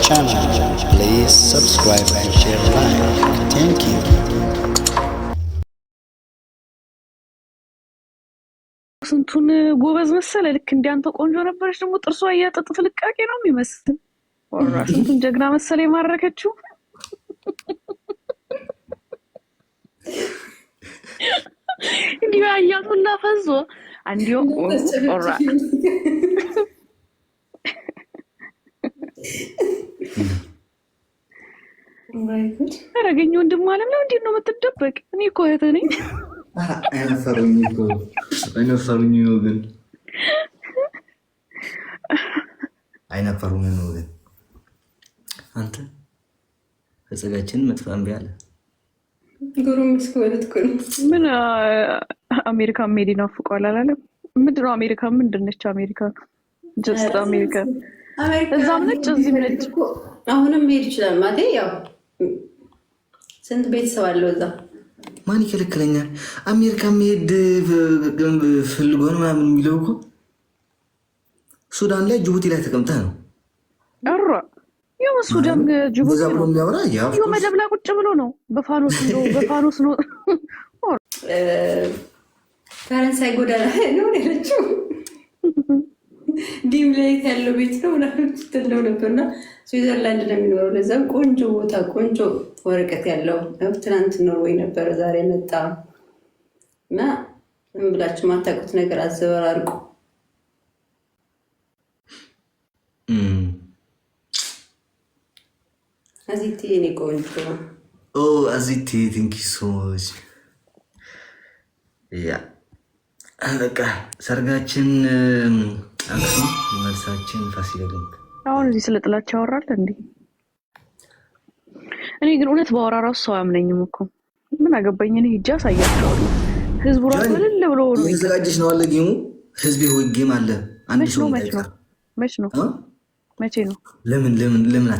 channel. Please subscribe and share like. Thank you. ስንቱን ጎበዝ መሰለ። ልክ እንዲያንተ ቆንጆ ነበረች። ደግሞ ጥርሷ እያጠጥ ፍልቃቄ ነው የሚመስል። ስንቱን ጀግና መሰለ የማረከችው። እንዲሁ አያቱና ፈዞ አንዲሁ ራ ያረገኝ ወንድም አለም ነው። እንዴት ነው የምትደበቅ? እኔ እኮ ነኝ። አይነፈሩኝ ወገን፣ አይነፈሩኝ ወገን። አንተ እጸጋችንን መጥፋ እምቢ ምን አሜሪካ መሄድ ይናፍቀዋል አላለም? ምንድነው አሜሪካ? ምንድን ነች አሜሪካ? ጀስት አሜሪካ። እዛም ነጭ እዚህም ነጭ። አሁንም ሄድ ይችላል ማለት ያው ስንት ቤተሰብ አለው እዛ? ማን ይከለክለኛል? አሜሪካ መሄድ ፈልጎ ነው ምናምን የሚለው እኮ ሱዳን ላይ ጅቡቲ ላይ ተቀምጠ ነው ያው ሱዳን ጅቡቲ ነው የሚያወራ መደብ ላይ ቁጭ ብሎ ነው በፋኖስ በፋኖስ ነው ፈረንሳይ ጎዳና ነው ያለችው። ዲም ላይት ያለው ቤት ነው ምናምን ትለው ነበር። ነበርና ስዊዘርላንድ ነው የሚኖረው። ለዛም ቆንጆ ቦታ ቆንጆ ወረቀት ያለው ትናንት ኖርዌይ ነበረ፣ ዛሬ መጣ እና ምን ብላችሁ ማታውቁት ነገር አዘበራርቁ። አዚቲ የኔ ቆንጆ አዚቲ ቲንኪ ሶች ያ በቃ ሰርጋችን መልሳችን ፋሲለደንግ አሁን እዚህ ስለ ጥላቻ ያወራል እንዴ? እኔ ግን እውነት በአወራ ራሱ ሰው አያምነኝም እኮ ምን አገባኝ። እኔ ሂጅ አሳያቸዋለሁ። ህዝቡ ራሱ ልል ብሎ ዘጋጀች ነው አለ ጌሙ ህዝብ ሆይ ጌም አለ። አንድ ሰው መች ነው መቼ ነው? ለምን ለምን ለምን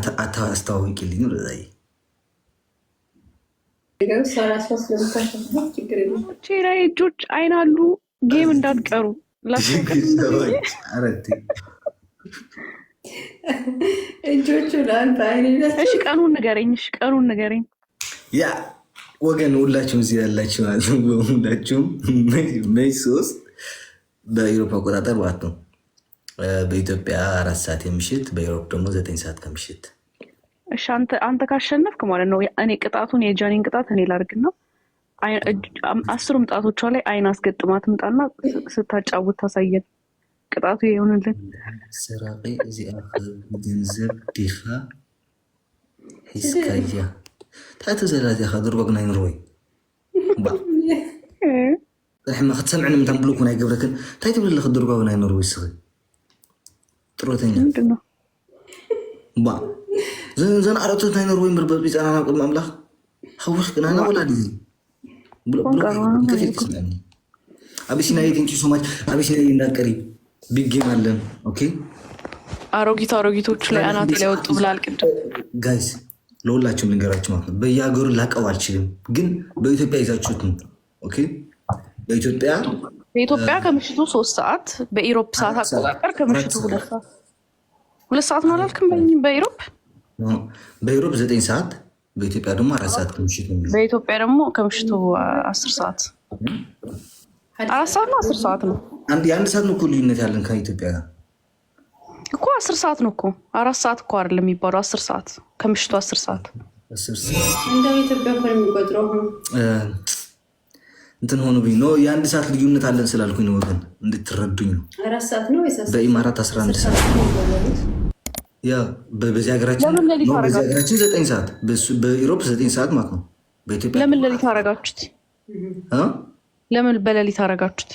አስተዋወቂልኝ ነው ለዛ ቼ ላይ እጆች አይናሉ ጌም እንዳትቀሩ እሺ ቀኑን ንገረኝ። እሺ ቀኑን ንገረኝ። ያ ወገን ሁላችሁም እዚህ ያላችሁ ሁላችሁም ሜይ ሶስት በኢሮፓ አቆጣጠር ማለት ነው። በኢትዮጵያ አራት ሰዓት የምሽት በኢሮፕ ደግሞ ዘጠኝ ሰዓት ከምሽት። እሺ አንተ ካሸነፍክ ማለት ነው እኔ ቅጣቱን የጃኒን ቅጣት እኔ ነው አስሩም ጣቶቿ ላይ አይን አስገጥማ ትምጣና ስታጫውት ታሳየን። ቅጣቱ የሆንልን ስራቂ እዚኣ ገንዘብ ዲኻ ሒዝካያ ታሕቲ ዘላ ዚኻ ንር ወይ ሕ ክትሰምዕን ምንታን ብሉክ ናይ ገብረክን እንታይ ትብል ለክ ድርጓግና ይንርወይ ስኺ ጥሮተኛ ባ ዘን ኣረቶት ናይ ኖርወይ ምርበብ ቢፃና ናብ ቅድሚ ኣምላኽ ሓዊሽ ቅናና ወላድ እዩ አቢሲና ቴንኪ ሶማች አቢሲና እንዳቀሪ ቢጌም አለን። ኦኬ አሮጊት ላይ አናቴ ላይ ወጡ ብላል። ቅድም ጋይዝ ለሁላችሁም ልንገራችሁ ማለት ነው። በየሀገሩ ላቀው አልችልም፣ ግን በኢትዮጵያ ይዛችሁት ነው። ኦኬ በኢትዮጵያ በኢትዮጵያ ከምሽቱ ሶስት ሰዓት በኢሮፕ ሰዓት አቆጣጠር ከምሽቱ ሁለት ሰዓት ሁለት ሰዓት ነው አላልክም? በኢሮፕ በኢሮፕ ዘጠኝ ሰዓት በኢትዮጵያ ደግሞ አራት ሰዓት ከምሽት በኢትዮጵያ ደግሞ ከምሽቱ አስር ሰዓት አራት ሰዓት ነው፣ አስር ሰዓት ነው። አንድ የአንድ ሰዓት ነው እኮ ልዩነት ያለን ከኢትዮጵያ እኮ አስር ሰዓት ነው እኮ አራት ሰዓት እኮ አይደለም የሚባለው አስር ሰዓት ከምሽቱ አስር ሰዓት እንትን ሆኑ ብኝ ነው። የአንድ ሰዓት ልዩነት አለን ስላልኩኝ ነው ወገን እንድትረዱኝ ነው። በኢማራት አስራ አንድ ሰዓት ያ በዚህ ሀገራችን ዘጠኝ ሰዓት በኢሮፕ ዘጠኝ ሰዓት ማለት ነው። በኢትዮጵያ ለምን ሌሊት አረጋችሁት? ለምን በሌሊት አረጋችሁት?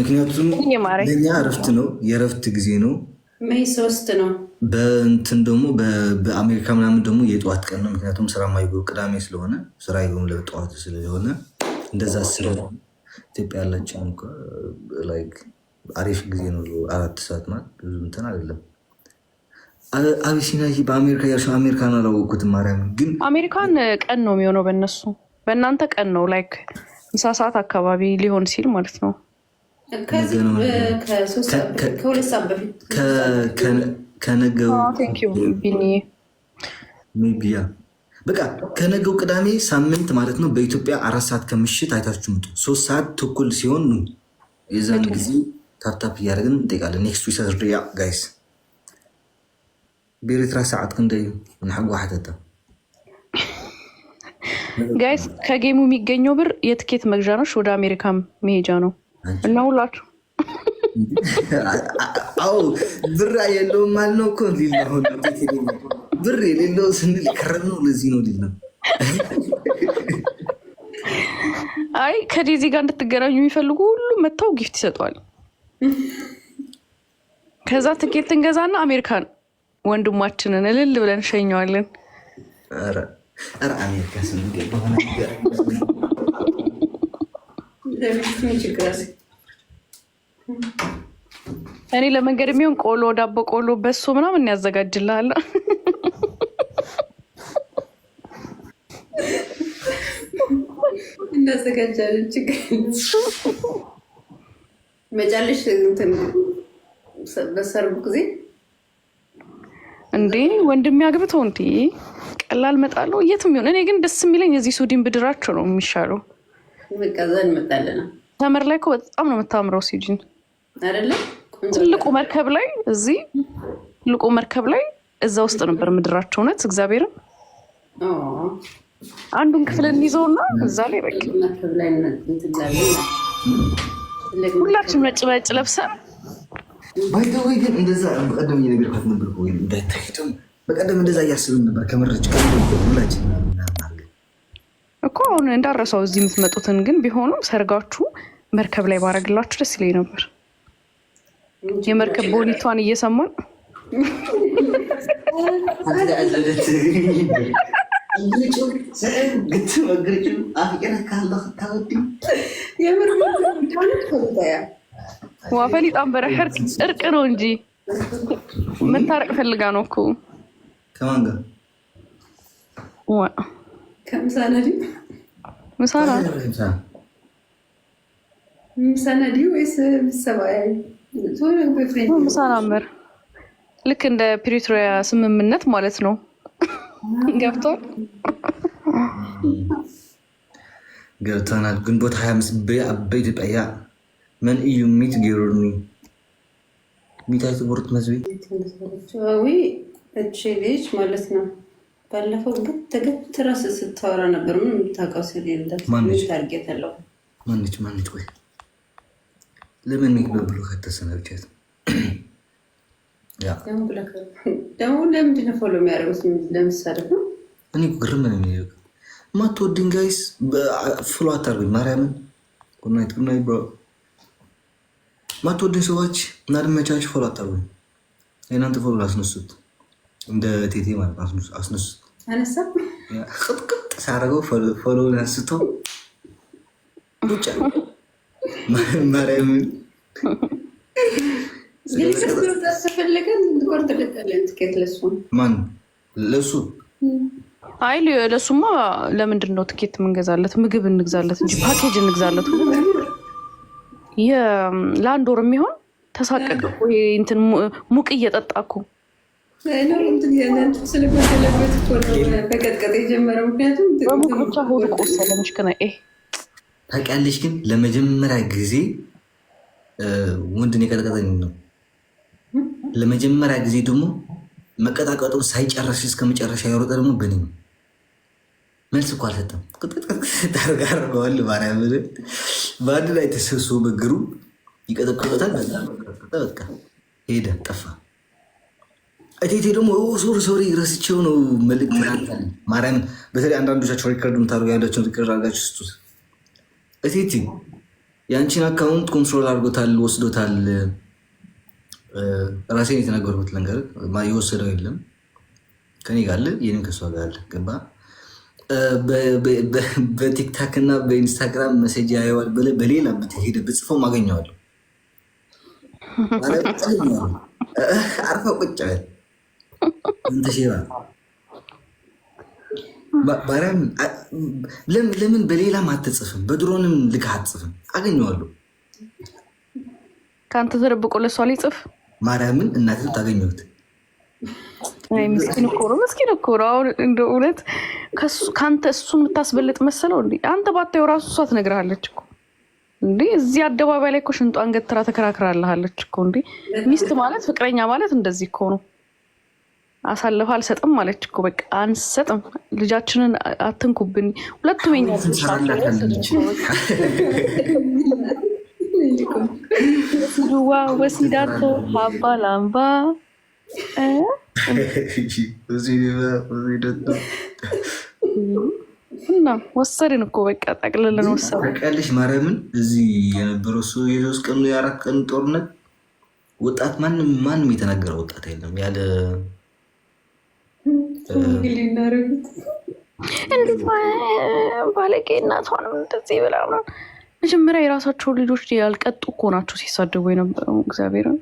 ምክንያቱም ለእኛ እረፍት ነው፣ የእረፍት ጊዜ ነው። ሜይ ሶስት ነው። በእንትን ደግሞ በአሜሪካ ምናምን ደግሞ የጠዋት ቀን ነው። ምክንያቱም ስራ ማይጎ ቅዳሜ ስለሆነ ስራ ይሆን ለጠዋት ስለሆነ እንደዛ ስለ ኢትዮጵያ ያላቸው አሪፍ ጊዜ ነው። አራት ሰዓት ማለት ብዙ እንትን አይደለም። አቢሲና በአሜሪካ ያሱ አሜሪካን አላወቅኩትም። ማርያም ግን አሜሪካን ቀን ነው የሚሆነው በእነሱ በእናንተ ቀን ነው ላይክ ምሳ ሰዓት አካባቢ ሊሆን ሲል ማለት ነው። ከነገውቢያ በቃ ከነገው ቅዳሜ ሳምንት ማለት ነው በኢትዮጵያ አራት ሰዓት ከምሽት አይታችሁ ምጡ። ሶስት ሰዓት ተኩል ሲሆን ነው የዛን ጊዜ ታፕታፕ እያደረግን እንጠይቃለን። ኔክስት ዊክ ሰርድያ ጋይስ ብኤርትራ ሰዓት ክንደይ እዩ ንሓጎ ሓተታ ጋይስ ከጌሙ የሚገኘው ብር የትኬት መግዣ ነች፣ ወደ አሜሪካ መሄጃ ነው እና ሁላችሁ አው ብር የለውም ማለት ነው እኮ ብር የሌለው ስንል ይከረም ነው። ለዚህ ነው ሊል ነው። አይ ከዴዚ ጋር እንድትገናኙ የሚፈልጉ ሁሉ መጥተው ጊፍት ይሰጠዋል። ከዛ ትኬት እንገዛና አሜሪካን ወንድማችንን እልል ብለን ሸኘዋለን። እኔ ለመንገድ የሚሆን ቆሎ፣ ዳቦ ቆሎ፣ በሶ ምናምን ያዘጋጅልሃል። እናዘጋጃለን ችግር መጫለሽ በሰርጉ ጊዜ እንዴ ወንድሜ አግብቶ እንዲ ቀላል መጣለው የትም ይሆን። እኔ ግን ደስ የሚለኝ የዚህ ሱዲን ብድራቸው ነው የሚሻለው። ተመር ላይ እኮ በጣም ነው የምታምረው ሲጂን ትልቁ መርከብ ላይ እዚህ ትልቁ መርከብ ላይ እዛ ውስጥ ነበር ምድራቸው። እውነት እግዚአብሔርን አንዱን ክፍል እንይዘውና እዛ ላይ በቃ ሁላችንም ነጭ ነጭ ለብሰን ባይተወይ ግን እንደዛ በቀደም እየነገርኳት ነበር። እንዳይታይቶም በቀደም እንደዛ እያስብን ነበር። ከመረጭ ሁላችን እኮ አሁን እንዳረሰው እዚህ የምትመጡትን ግን ቢሆኑም ሰርጋችሁ መርከብ ላይ ባረግላችሁ ደስ ይለኝ ነበር። የመርከብ ቦኒቷን እየሰማን ግጭ ዋፈሊጣን በረሕር እርቅ ነው እንጂ መታረቅ ፈልጋ ነው እኮ ከማን ጋር ምሳና ምሳናምር ልክ እንደ ፕሪቶሪያ ስምምነት ማለት ነው። ገብቶን ገብቶናል። ግንቦት ሀያ አምስት በኢትዮጵያ ምን እዩ ሚት ገይሩኒ ሚታይ ትቦርት መዝቤ ዊ እቺ ልጅ ማለት ነው። ባለፈው ብትግት ራስ ስታወራ ነበር። ምን የምታውቀው ስለሌለታርጌት አለው። ማነች ማነች? ቆይ ለምን ብሎ ከተሰናብቻት ደግሞ ለምንድነው ፎሎ የሚያደርጉት? ለምሳሌ እኔ ግርም ነው የሚሄ ማቶ ድንጋይስ ፎሎ አታርጉኝ ማርያምን። ቁናይት ቁናይ ማትወደ ሰዎች እናድመቻች ፎሎ አታርጉ። እናንተ ፎሎ አስነሱት፣ እንደ ቴቴ ማለት አስነሱት። ቅጥቅጥ ሳረገው ፎሎ አንስቶ ቡጫ ማርያምን ማን ለሱ አይ ለሱማ፣ ለምንድን ነው ትኬት የምንገዛለት? ምግብ እንግዛለት እንጂ ፓኬጅ እንግዛለት። ለአንድ ወር የሚሆን ተሳቀቅ እንትን ሙቅ እየጠጣኩ እኮ ታውቂያለሽ፣ ግን ለመጀመሪያ ጊዜ ወንድን የቀጠቀጠኝ ነው። ለመጀመሪያ ጊዜ ደግሞ መቀጣቀጡ ሳይጨረሽ እስከ መጨረሻ የሮጠ ደግሞ በኔ መልስ እኮ አልሰጠም። ቅጥቅጥቅጥ ታርጋ አርገዋል ማርያምን በአንድ ላይ ተሰብስቦ እግሩ ይቀጠቅጦታል። በቃ ሄደ፣ ጠፋ። እቴቴ ደግሞ ሶሪ ሶሪ ረስቼው ነው መልዕክት ማርያም። በተለይ አንዳንዶቻቸው ሪከርድ የምታደርጉ ያንዳቸውን ሪከርድ አድርጋችሁ ስጡት። እቴቴ የአንቺን አካውንት ኮንትሮል አድርጎታል፣ ወስዶታል። ራሴን የተናገርኩት ነገር የወሰደው የለም ከኔ ጋር አለ፣ የኔም ከሷ ጋር አለ። ገባ በቲክታክ እና በኢንስታግራም መሴጅ ያየዋል ብለህ በሌላ ብትሄደ ብጽፈው አገኘዋለሁ። አርፋ ቁጭ በል ባሪያም ለምን በሌላም አትጽፍም? በድሮንም ልክ አትጽፍም? አገኘዋለሁ። ከአንተ ተደብቆ ለሷ ሊጽፍ ማርያምን እናትት ታገኘሁት ምስኪን እኮ ነው፣ ምስኪን እኮ ነው። አሁን እንደ እውነት ከአንተ እሱን የምታስበልጥ መሰለው እንዲ አንተ ባታየው ራሱ እሷ ትነግርሃለች እኮ እንዴ። እዚህ አደባባይ ላይ እኮ ሽንጧን ገትራ ተከራክራልሃለች እኮ እንዴ። ሚስት ማለት ፍቅረኛ ማለት እንደዚህ እኮ ነው። አሳልፈ አልሰጥም ማለች እኮ በቃ አንሰጥም፣ ልጃችንን አትንኩብን። ሁለቱም ኛ ድዋ ወሲዳቶ ሀባ ላምባ እና ወሰድን እኮ በቃ ጠቅልለን ወሰድን። ታውቂያለሽ ማርያምን እዚህ የነበረው እሱ የሶስት ቀኑ የአራት ቀኑ ጦርነት ወጣት ማንም ማንም የተናገረ ወጣት የለም ያለ እንዴት ባለጌ እናቷንም እንደዚህ ብላ መጀመሪያ የራሳቸውን ልጆች ያልቀጡ እኮ ናቸው ሲሳደቡ የነበረው እግዚአብሔርን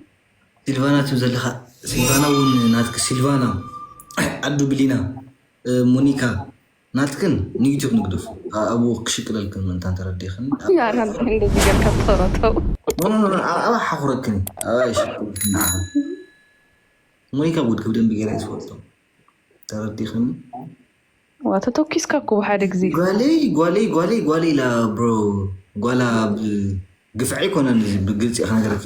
ሲልቫና ትብ ዘለካ ሲልቫና እውን ናትክ ሲልቫና ዓዱ ብሊና ሞኒካ ናትክን ንዩትብ ንግደፍ ኣብኡ ክሽቅለልክን ምንታ ተረዲኽን ኣባ ሓኩረክን ሞኒካ ጉድ ክብደን ብጌራ ይዝፈልጦ ተረዲኽን ተተኪስካ ኩ ብሓደ ግዜ ጓሌይ ጓሌይ ጓሌይ ጓሌይ ብግልፂ ኢካ ነገረኪ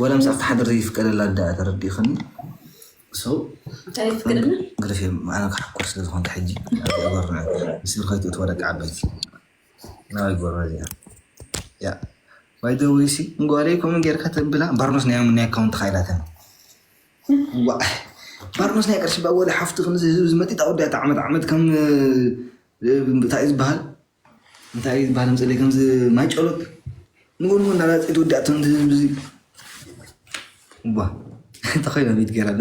ወላ ምስ ኣብቲ ዘይፍቀደላ ዳ ተረዲእኽኒ ሰው ኣነ ክሓኮር ስለ ሕጂ ጎርና ምስር ከይትእት ወደቂ ዓበይቲ ናባይ ጎርና እዚኣ ያ ባይደወይሲ እንጓለይ ከምኡ ጌርካ ተብላ ባርኖስ ናይ ኣካውንቲ ካኢላተ ባርኖስ ናይ ቀርሺ ባወላ ሓፍቲ ክንህዝብ ዝመጢጣ ወዳያት ዓመት ዓመት ከም እዩ ዝበሃል እንታይ እዩ ዝበሃል ምፅለይ ከምዚ ማይ ጨሎት ንጎንጎ እናላፅኢት ወዳእቶም ህዝብ እንታይ ኮይኖም ይትገራሉ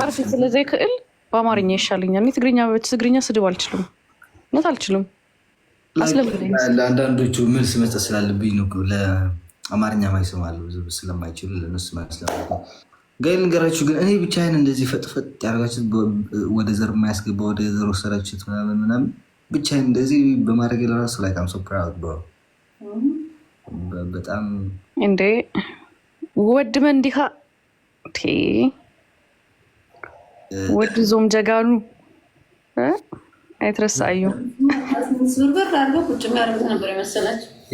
ጠርፊ ስለዘይክእል በአማርኛ ይሻለኛል። እኔ ትግርኛ ትግርኛ ስድብ አልችልም፣ ለአንዳንዶቹ መልስ መስጠት ስላለብኝ ነው። ለአማርኛ ማይሰማሉ ስለማይችሉ ለነሱ ግን እኔ ብቻዬን እንደዚህ ፈጥፈጥ ያደርጋችሁት ወደ ዘር የማያስገባ ወደ ዘር ወሰዳችሁት ምናምን ምናምን ብቻ እንደዚህ በማድረግ ለራሱ ላይ ም ሶፕራት ብሮ በጣም እንዴ ወድመ እንዲህ ወድ ዞም ጀጋሉ አይትረሳዩ ስብርብር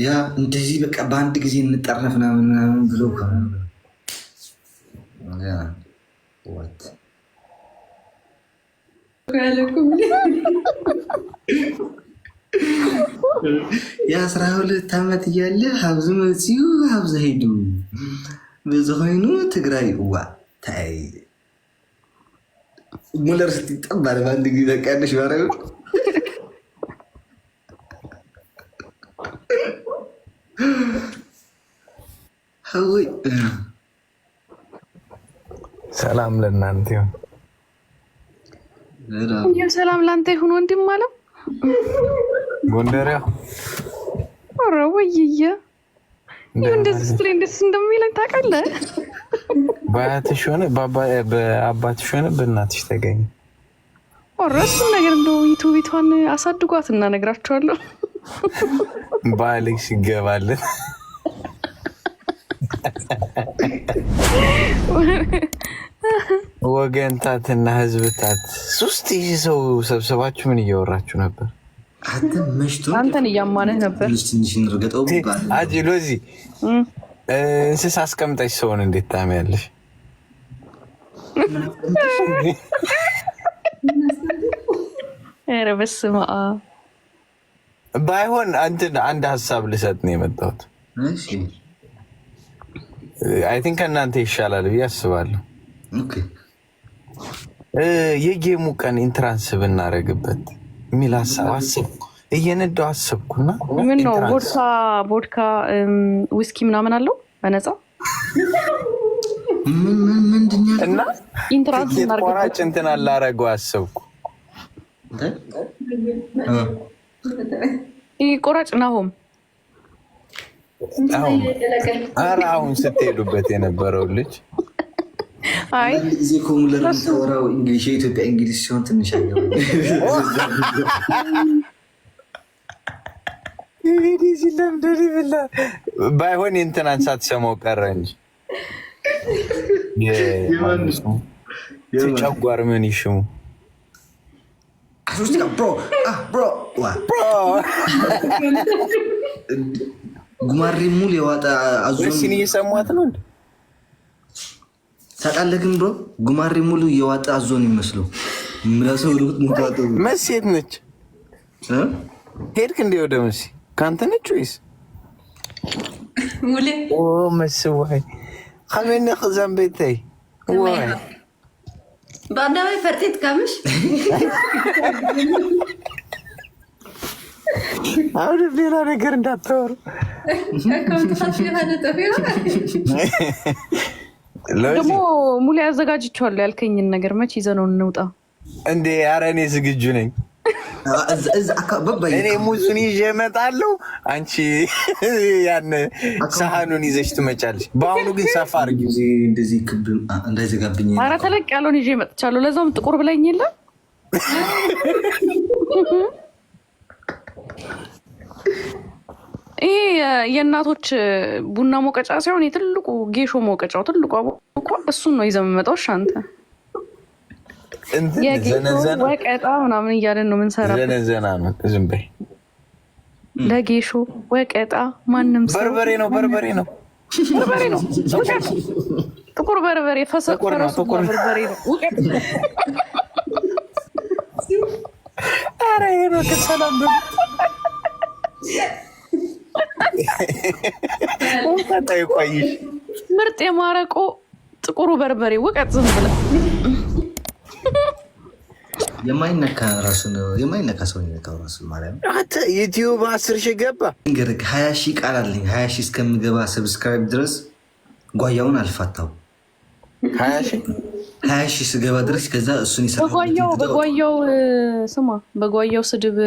ያ እንደዚህ በቃ በአንድ ጊዜ እንጠረፍ ምናምን ምናምን ብሎ የአስራ ሁለት ዓመት እያለ ሀብዝ መፅዩ ሀብዝ ሄዱ ብዙ ኮይኑ ትግራይ እዋ ታይ ሙለር ስትጠባል በአንድ ጊዜ ቃያለሽ ባረዩ ሰላም ለእናንተ ሰላም ለአንተ ይሁን ወንድም አለው ጎንደሪያ ኧረ ወይዬ ይህ እንደዚህ ስትል እንደስ እንደሚለኝ ታውቃለህ። በአያትሽ ሆነ በአባትሽ ሆነ በእናትሽ ተገኘ። ኧረ ነገር እንደው ይቱ ቤቷን አሳድጓት እና ነግራቸዋለሁ። ባልሽ ይገባልን ወገንታት እና ህዝብታት ሶስት ሺህ ሰው ሰብሰባችሁ ምን እያወራችሁ ነበር? አንተን እያማነህ ነበር። አጂ ሎዚ እንስሳ አስቀምጠች ሰውን እንዴት ታሚያለሽ? ኧረ በስመ አብ። ባይሆን እንትን አንድ ሀሳብ ልሰጥ ነው የመጣሁት። አይ ቲንክ ከእናንተ ይሻላል ብዬ አስባለሁ። የጌሙ ቀን ኢንትራንስ ብናደርግበት የሚል ሀሳብ አስብ እየነዳው አስብኩና፣ ምን ነው ቦድካ ቦድካ ዊስኪ ምናምን አለው በነፃ እና ኢንትራንስ ቆራጭ እንትን አላረገው አስብኩ። ቆራጭ ናሆም አሁን ስትሄዱበት የነበረው ልጅ ጊዜ ኮሙለር የምታወራው እንግሊሽ የኢትዮጵያ እንግሊሽ ሲሆን ትንሽ አየው እንግዲህ ሲለምደሪ ብላ ባይሆን የእንትናን ሳትሰማው ቀረ እንጂ ጨጓር ምን ይሽሙ ጉማሬ ሙሉ የዋጣ አዙሲን ሲን እየሰማት ነው። ታውቃለህ ግን ብሮ ጉማሬ ሙሉ የዋጣ ዞን አዞ ነው የሚመስለው። ምላሰው መስ የት ነች? ሄድክ እንዲህ ወደ መስ ከአንተ ነች ወይስ ሙሌ? መሲ ዋይ ከመነ ክዛን ቤተይ ዋይ በአዳማይ ፈርጤት ካምሽ አሁን ሌላ ነገር እንዳታወሩ ደግሞ ሙሉ ያዘጋጅቸዋለሁ ያልከኝን ነገር መች ይዘነው እንውጣ እንዴ? ኧረ እኔ ዝግጁ ነኝ። እኔ ሙዙን ይዤ እመጣለሁ። አንቺ ያን ሰሃኑን ይዘሽ ትመጫለሽ። በአሁኑ ግን ሰፋ አድርጊ ኧረ ተለቅ ያለውን ይዤ እመጥቻለሁ። ለዛውም ጥቁር ብለኝ የለም ይሄ የእናቶች ቡና መውቀጫ ሳይሆን የትልቁ ጌሾ መውቀጫው ትልቁ እኮ እሱን ነው ይዘህ የምመጣው። እሺ አንተ ወቀጣ ምናምን እያለን ነው የምንሰራው። ነው በይ። ለጌሾ ወቀጣ ማንም በርበሬ ነው በርበሬ ነው በርበሬ ነው ጥቁር በርበሬ ፈሰስ በርበሬ ነው ኧረ ይሄ ነው ከሰላም ቆይሽ ምርጥ የማረቆ ጥቁሩ በርበሬ ውቀት ዝም ብለ የማይነካ ራሱ የማይነካ ሰው ነካው ራሱ ማለት ነው። ዩቲዩብ አስር ሺ ገባ ንገር ሀያ ሺ ቃል አለኝ። ሀያ ሺ እስከምገባ ሰብስክራይብ ድረስ ጓያውን አልፋታው። ሀያ ሺ ሀያ ሺህ ስገባ ድረስ ከዛ እሱን ይሰራ በጓያው በጓያው ስማ በጓያው ስድብ